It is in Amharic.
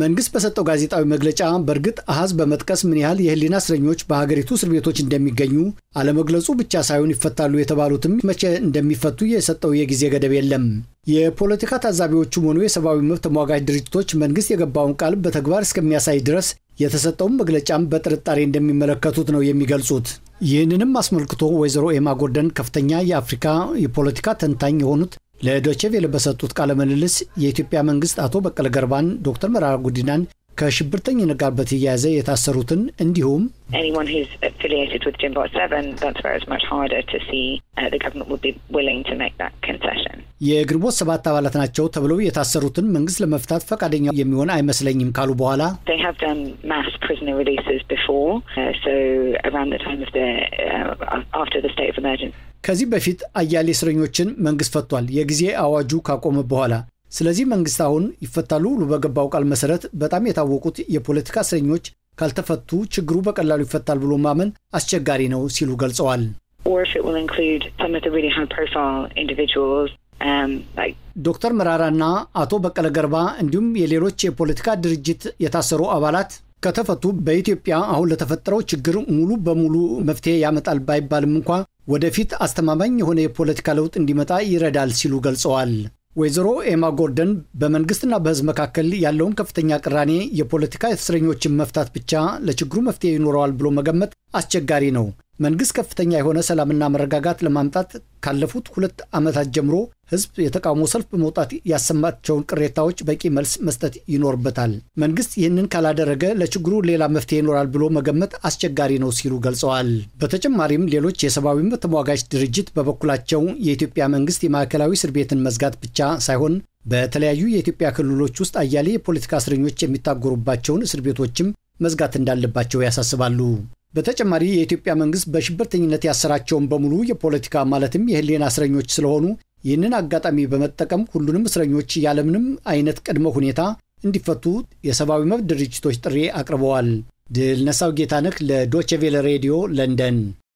መንግስት በሰጠው ጋዜጣዊ መግለጫ በእርግጥ አሃዝ በመጥቀስ ምን ያህል የህሊና እስረኞች በሀገሪቱ እስር ቤቶች እንደሚገኙ አለመግለጹ ብቻ ሳይሆን ይፈታሉ የተባሉትም መቼ እንደሚፈቱ የሰጠው የጊዜ ገደብ የለም። የፖለቲካ ታዛቢዎቹም ሆኑ የሰብአዊ መብት ተሟጋች ድርጅቶች መንግስት የገባውን ቃል በተግባር እስከሚያሳይ ድረስ የተሰጠውን መግለጫም በጥርጣሬ እንደሚመለከቱት ነው የሚገልጹት። ይህንንም አስመልክቶ ወይዘሮ ኤማ ጎርደን ከፍተኛ የአፍሪካ የፖለቲካ ተንታኝ የሆኑት ለዶቼ በሰጡት ቃለ ምልልስ የኢትዮጵያ መንግስት አቶ በቀለ ገርባን፣ ዶክተር መረራ ጉዲናን ከሽብርተኝነት ጋር በተያያዘ የታሰሩትን እንዲሁም የግንቦት ሰባት አባላት ናቸው ተብለው የታሰሩትን መንግስት ለመፍታት ፈቃደኛ የሚሆን አይመስለኝም ካሉ በኋላ uh, uh, ከዚህ በፊት አያሌ እስረኞችን መንግስት ፈቷል፣ የጊዜ አዋጁ ካቆመ በኋላ። ስለዚህ መንግስት አሁን ይፈታሉ ብሎ በገባው ቃል መሰረት በጣም የታወቁት የፖለቲካ እስረኞች ካልተፈቱ ችግሩ በቀላሉ ይፈታል ብሎ ማመን አስቸጋሪ ነው ሲሉ ገልጸዋል። Um, ዶክተር መራራና አቶ በቀለ ገርባ እንዲሁም የሌሎች የፖለቲካ ድርጅት የታሰሩ አባላት ከተፈቱ በኢትዮጵያ አሁን ለተፈጠረው ችግር ሙሉ በሙሉ መፍትሄ ያመጣል ባይባልም እንኳ ወደፊት አስተማማኝ የሆነ የፖለቲካ ለውጥ እንዲመጣ ይረዳል ሲሉ ገልጸዋል። ወይዘሮ ኤማ ጎርደን በመንግስትና በህዝብ መካከል ያለውን ከፍተኛ ቅራኔ የፖለቲካ እስረኞችን መፍታት ብቻ ለችግሩ መፍትሄ ይኖረዋል ብሎ መገመት አስቸጋሪ ነው። መንግስት ከፍተኛ የሆነ ሰላምና መረጋጋት ለማምጣት ካለፉት ሁለት ዓመታት ጀምሮ ህዝብ የተቃውሞ ሰልፍ በመውጣት ያሰማቸውን ቅሬታዎች በቂ መልስ መስጠት ይኖርበታል። መንግስት ይህንን ካላደረገ ለችግሩ ሌላ መፍትሄ ይኖራል ብሎ መገመት አስቸጋሪ ነው ሲሉ ገልጸዋል። በተጨማሪም ሌሎች የሰብአዊ መብት ተሟጋች ድርጅት በበኩላቸው የኢትዮጵያ መንግስት የማዕከላዊ እስር ቤትን መዝጋት ብቻ ሳይሆን በተለያዩ የኢትዮጵያ ክልሎች ውስጥ አያሌ የፖለቲካ እስረኞች የሚታጎሩባቸውን እስር ቤቶችም መዝጋት እንዳለባቸው ያሳስባሉ። በተጨማሪ የኢትዮጵያ መንግስት በሽብርተኝነት ያሰራቸውን በሙሉ የፖለቲካ ማለትም የህሊና እስረኞች ስለሆኑ ይህንን አጋጣሚ በመጠቀም ሁሉንም እስረኞች ያለምንም አይነት ቅድመ ሁኔታ እንዲፈቱ የሰብአዊ መብት ድርጅቶች ጥሪ አቅርበዋል። ድል ነሳው ጌታነህ ለዶቼ ሬዲዮ ለንደን